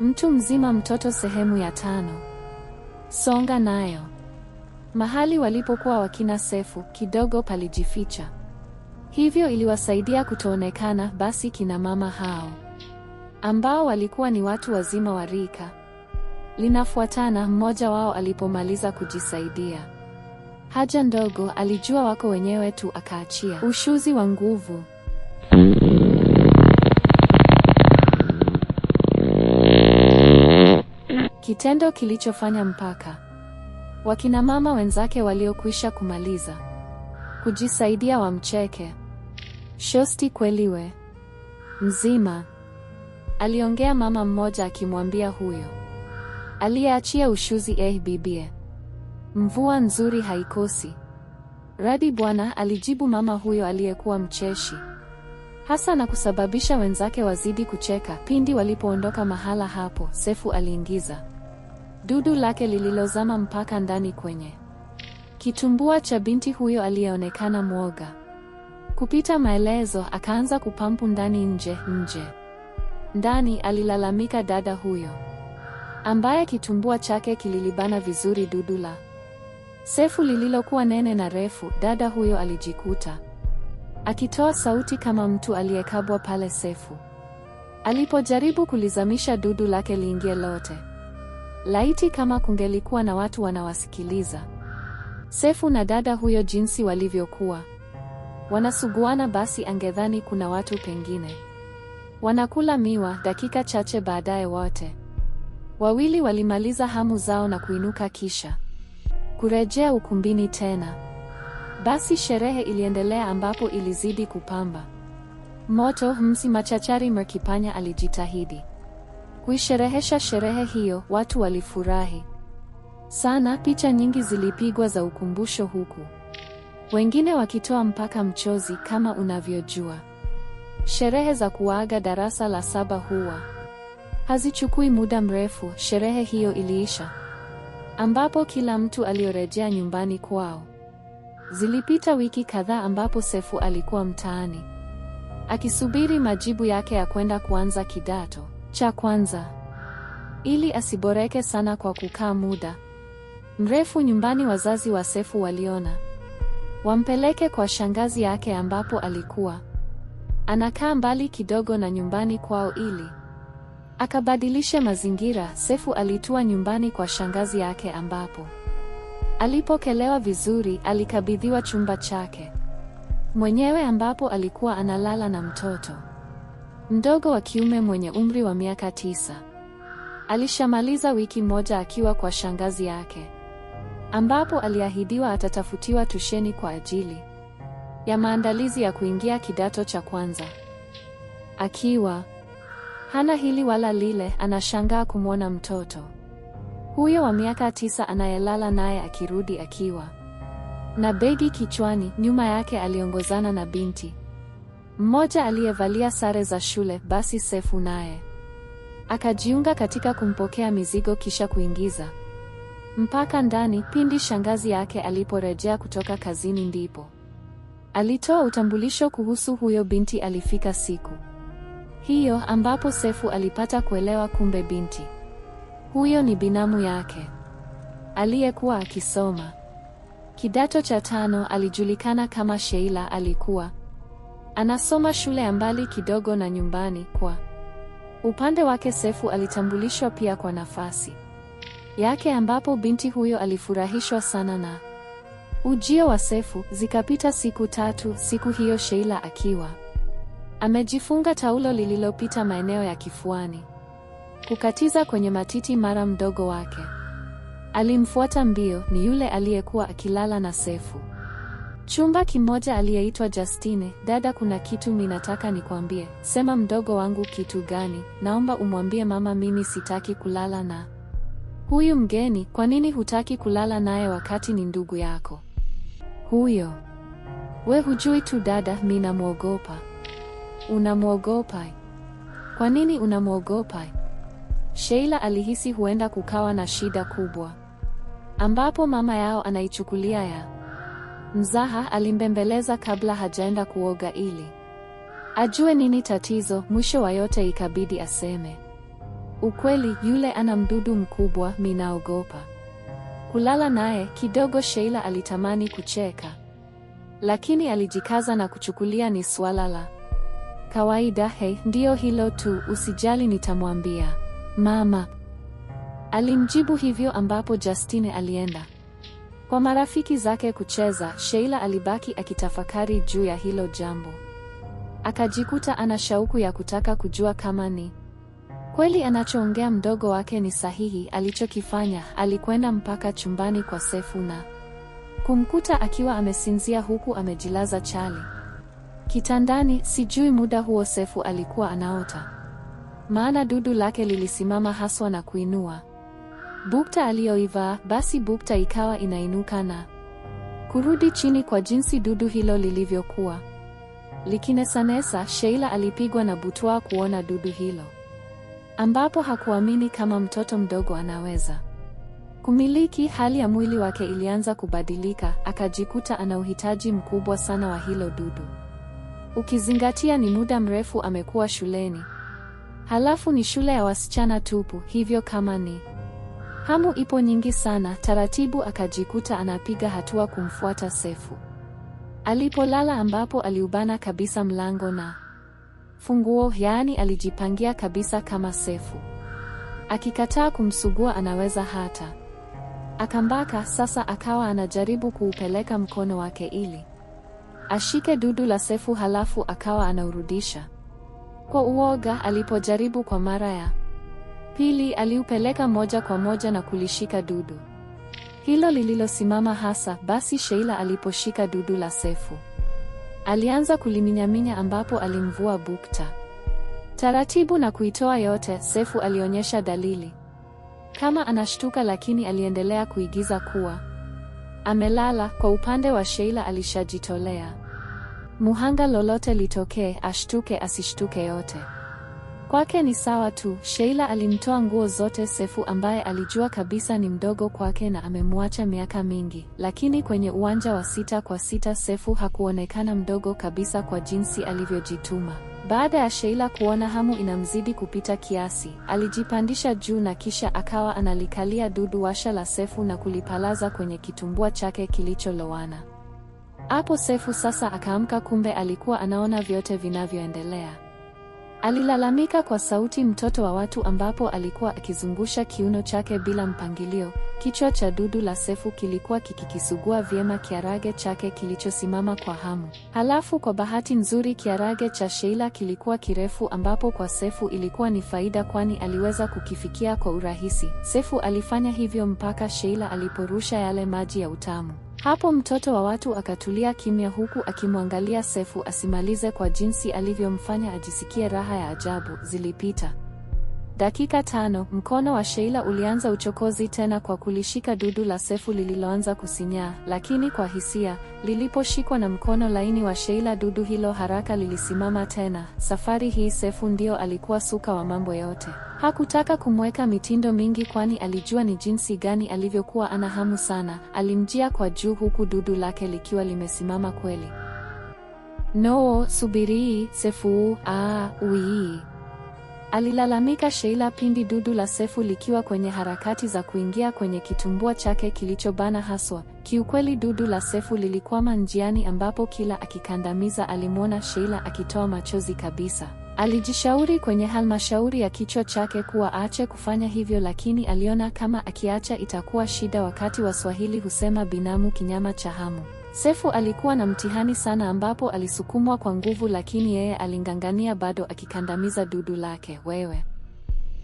Mtu mzima mtoto sehemu ya tano. Songa nayo. Mahali walipokuwa wakina Sefu kidogo palijificha, hivyo iliwasaidia kutoonekana. Basi kina mama hao ambao walikuwa ni watu wazima wa rika linafuatana, mmoja wao alipomaliza kujisaidia haja ndogo, alijua wako wenyewe tu, akaachia ushuzi wa nguvu. Kitendo kilichofanya mpaka wakinamama wenzake waliokwisha kumaliza kujisaidia wamcheke. Shosti kweli we mzima, aliongea mama mmoja akimwambia huyo aliyeachia ushuzi, eh bibie, mvua nzuri haikosi radi bwana, alijibu mama huyo aliyekuwa mcheshi hasa na kusababisha wenzake wazidi kucheka. Pindi walipoondoka mahala hapo, Sefu aliingiza dudu lake lililozama mpaka ndani kwenye kitumbua cha binti huyo aliyeonekana mwoga kupita maelezo. Akaanza kupampu ndani nje nje ndani, alilalamika dada huyo ambaye kitumbua chake kililibana vizuri dudu la sefu lililokuwa nene na refu. Dada huyo alijikuta akitoa sauti kama mtu aliyekabwa pale sefu alipojaribu kulizamisha dudu lake liingie lote. Laiti kama kungelikuwa na watu wanawasikiliza. Sefu na dada huyo jinsi walivyokuwa wanasuguana, basi angedhani kuna watu pengine wanakula miwa. Dakika chache baadaye wote wawili walimaliza hamu zao na kuinuka kisha kurejea ukumbini tena. Basi sherehe iliendelea ambapo ilizidi kupamba moto. Msi machachari Mrkipanya alijitahidi kuisherehesha sherehe hiyo, watu walifurahi sana. Picha nyingi zilipigwa za ukumbusho, huku wengine wakitoa mpaka mchozi. Kama unavyojua, sherehe za kuwaaga darasa la saba huwa hazichukui muda mrefu. Sherehe hiyo iliisha, ambapo kila mtu aliorejea nyumbani kwao. Zilipita wiki kadhaa, ambapo Sefu alikuwa mtaani akisubiri majibu yake ya kwenda kuanza kidato. Cha kwanza, ili asiboreke sana kwa kukaa muda mrefu nyumbani, wazazi wa Sefu waliona wampeleke kwa shangazi yake ambapo alikuwa anakaa mbali kidogo na nyumbani kwao ili akabadilishe mazingira. Sefu alitua nyumbani kwa shangazi yake ambapo alipokelewa vizuri, alikabidhiwa chumba chake mwenyewe ambapo alikuwa analala na mtoto mdogo wa kiume mwenye umri wa miaka tisa. Alishamaliza wiki moja akiwa kwa shangazi yake, ambapo aliahidiwa atatafutiwa tusheni kwa ajili ya maandalizi ya kuingia kidato cha kwanza. Akiwa hana hili wala lile, anashangaa kumwona mtoto huyo wa miaka tisa anayelala naye akirudi akiwa na begi kichwani. Nyuma yake aliongozana na binti mmoja aliyevalia sare za shule, basi Sefu naye akajiunga katika kumpokea mizigo kisha kuingiza mpaka ndani. Pindi shangazi yake aliporejea kutoka kazini, ndipo alitoa utambulisho kuhusu huyo binti. Alifika siku hiyo ambapo Sefu alipata kuelewa kumbe binti huyo ni binamu yake aliyekuwa akisoma kidato cha tano. Alijulikana kama Sheila, alikuwa Anasoma shule ya mbali kidogo na nyumbani kwa. Upande wake Sefu alitambulishwa pia kwa nafasi yake ambapo binti huyo alifurahishwa sana na ujio wa Sefu. Zikapita siku tatu. Siku hiyo Sheila akiwa amejifunga taulo lililopita maeneo ya kifuani kukatiza kwenye matiti, mara mdogo wake alimfuata mbio. Ni yule aliyekuwa akilala na Sefu. Chumba kimoja aliyeitwa Justine, dada, kuna kitu ninataka nikwambie. Sema mdogo wangu. Kitu gani? Naomba umwambie mama mimi sitaki kulala na huyu mgeni. Kwa nini hutaki kulala naye wakati ni ndugu yako huyo? We hujui tu dada, mimi namwogopa. Unamwogopa? Kwa nini unamwogopa? Sheila alihisi huenda kukawa na shida kubwa ambapo mama yao anaichukulia ya Mzaha alimbembeleza kabla hajaenda kuoga ili ajue nini tatizo. Mwisho wa yote ikabidi aseme ukweli, yule ana mdudu mkubwa, minaogopa kulala naye. Kidogo Sheila alitamani kucheka, lakini alijikaza na kuchukulia ni swala la kawaida. He, ndiyo hilo tu, usijali, nitamwambia mama, alimjibu hivyo, ambapo Justine alienda kwa marafiki zake kucheza, Sheila alibaki akitafakari juu ya hilo jambo. Akajikuta ana shauku ya kutaka kujua kama ni kweli anachoongea mdogo wake ni sahihi. Alichokifanya, alikwenda mpaka chumbani kwa Sefu na kumkuta akiwa amesinzia huku amejilaza chali kitandani. Sijui muda huo Sefu alikuwa anaota, maana dudu lake lilisimama haswa na kuinua Bukta aliyoivaa, basi bukta ikawa inainuka na kurudi chini kwa jinsi dudu hilo lilivyokuwa likinesanesa. Sheila alipigwa na butwaa kuona dudu hilo, ambapo hakuamini kama mtoto mdogo anaweza kumiliki. Hali ya mwili wake ilianza kubadilika, akajikuta ana uhitaji mkubwa sana wa hilo dudu, ukizingatia ni muda mrefu amekuwa shuleni, halafu ni shule ya wasichana tupu, hivyo kama ni Hamu ipo nyingi sana, taratibu akajikuta anapiga hatua kumfuata Sefu. Alipolala ambapo aliubana kabisa mlango na funguo, yaani alijipangia kabisa kama Sefu. Akikataa kumsugua anaweza hata akambaka. Sasa akawa anajaribu kuupeleka mkono wake ili ashike dudu la Sefu halafu akawa anaurudisha kwa uoga alipojaribu kwa mara ya Pili aliupeleka moja kwa moja na kulishika dudu hilo lililosimama hasa. Basi Sheila aliposhika dudu la Sefu alianza kuliminyaminya, ambapo alimvua bukta taratibu na kuitoa yote. Sefu alionyesha dalili kama anashtuka, lakini aliendelea kuigiza kuwa amelala. Kwa upande wa Sheila alishajitolea muhanga, lolote litokee, ashtuke asishtuke, yote Kwake ni sawa tu. Sheila alimtoa nguo zote Sefu ambaye alijua kabisa ni mdogo kwake na amemwacha miaka mingi, lakini kwenye uwanja wa sita kwa sita Sefu hakuonekana mdogo kabisa kwa jinsi alivyojituma. Baada ya Sheila kuona hamu inamzidi kupita kiasi, alijipandisha juu na kisha akawa analikalia dudu washa la Sefu na kulipalaza kwenye kitumbua chake kilicholowana. Hapo Sefu sasa akaamka kumbe alikuwa anaona vyote vinavyoendelea. Alilalamika kwa sauti mtoto wa watu ambapo alikuwa akizungusha kiuno chake bila mpangilio. Kichwa cha dudu la Sefu kilikuwa kikikisugua vyema kiarage chake kilichosimama kwa hamu. Halafu kwa bahati nzuri kiarage cha Sheila kilikuwa kirefu ambapo kwa Sefu ilikuwa ni faida kwani aliweza kukifikia kwa urahisi. Sefu alifanya hivyo mpaka Sheila aliporusha yale maji ya utamu. Hapo mtoto wa watu akatulia kimya huku akimwangalia Sefu asimalize kwa jinsi alivyomfanya ajisikie raha ya ajabu. Zilipita. Dakika tano, mkono wa Sheila ulianza uchokozi tena kwa kulishika dudu la sefu lililoanza kusinyaa, lakini kwa hisia, liliposhikwa na mkono laini wa Sheila dudu hilo haraka lilisimama tena. Safari hii Sefu ndio alikuwa suka wa mambo yote. Hakutaka kumweka mitindo mingi kwani alijua ni jinsi gani alivyokuwa ana hamu sana. Alimjia kwa juu huku dudu lake likiwa limesimama kweli. Noo, subiri Sefu, ah, uii. Alilalamika Sheila pindi dudu la Sefu likiwa kwenye harakati za kuingia kwenye kitumbua chake kilichobana haswa. Kiukweli dudu la Sefu lilikwama njiani ambapo kila akikandamiza alimwona Sheila akitoa machozi kabisa. Alijishauri kwenye halmashauri ya kichwa chake kuwa aache kufanya hivyo, lakini aliona kama akiacha itakuwa shida, wakati Waswahili husema binamu kinyama cha hamu. Sefu alikuwa na mtihani sana ambapo alisukumwa kwa nguvu lakini yeye aling'ang'ania bado akikandamiza dudu lake. Wewe.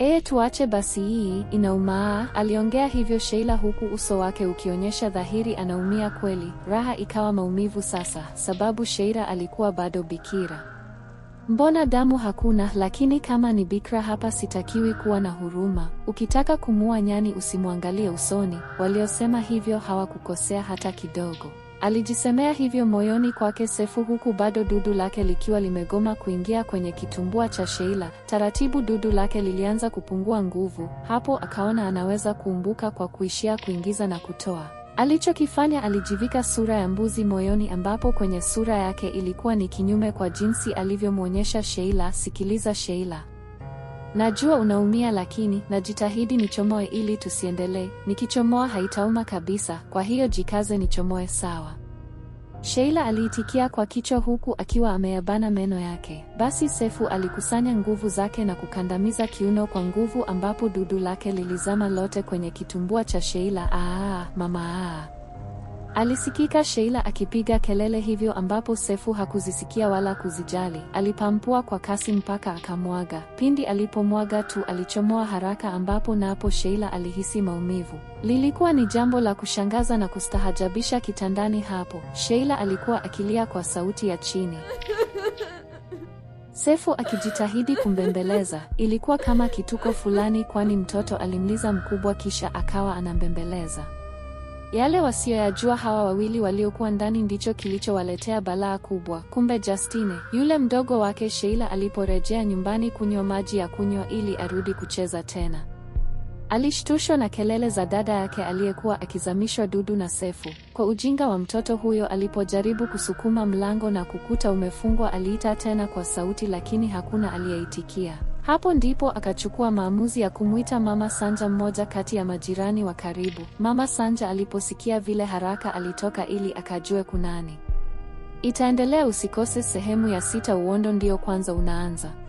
Ee, tuache basi hii inaumaa. Aliongea hivyo Sheila huku uso wake ukionyesha dhahiri anaumia kweli. Raha ikawa maumivu sasa, sababu Sheila alikuwa bado bikira. Mbona damu hakuna? Lakini kama ni bikra hapa, sitakiwi kuwa na huruma. Ukitaka kumua nyani usimwangalie usoni. Waliosema hivyo hawakukosea hata kidogo. Alijisemea hivyo moyoni kwake Sefu huku bado dudu lake likiwa limegoma kuingia kwenye kitumbua cha Sheila. Taratibu dudu lake lilianza kupungua nguvu, hapo akaona anaweza kuumbuka kwa kuishia kuingiza na kutoa. Alichokifanya alijivika sura ya mbuzi moyoni ambapo kwenye sura yake ilikuwa ni kinyume kwa jinsi alivyomwonyesha Sheila. Sikiliza Sheila. Najua unaumia lakini najitahidi nichomoe ili tusiendelee. Nikichomoa haitauma kabisa, kwa hiyo jikaze nichomoe sawa. Sheila aliitikia kwa kichwa huku akiwa ameyabana meno yake. Basi Sefu alikusanya nguvu zake na kukandamiza kiuno kwa nguvu ambapo dudu lake lilizama lote kwenye kitumbua cha Sheila. Aa, mama aa. Alisikika Sheila akipiga kelele hivyo ambapo Sefu hakuzisikia wala kuzijali. Alipampua kwa kasi mpaka akamwaga. Pindi alipomwaga tu alichomoa haraka ambapo napo Sheila alihisi maumivu. Lilikuwa ni jambo la kushangaza na kustahajabisha kitandani hapo. Sheila alikuwa akilia kwa sauti ya chini. Sefu akijitahidi kumbembeleza. Ilikuwa kama kituko fulani kwani mtoto alimliza mkubwa kisha akawa anambembeleza. Yale wasiyoyajua hawa wawili waliokuwa ndani ndicho kilichowaletea balaa kubwa. Kumbe Justine, yule mdogo wake Sheila aliporejea nyumbani kunywa maji ya kunywa ili arudi kucheza tena. Alishtushwa na kelele za dada yake aliyekuwa akizamishwa dudu na sefu. Kwa ujinga wa mtoto huyo alipojaribu kusukuma mlango na kukuta umefungwa aliita tena kwa sauti lakini hakuna aliyeitikia. Hapo ndipo akachukua maamuzi ya kumwita Mama Sanja, mmoja kati ya majirani wa karibu. Mama Sanja aliposikia vile, haraka alitoka ili akajue kunani. Itaendelea. Usikose sehemu ya sita. Uondo ndio kwanza unaanza.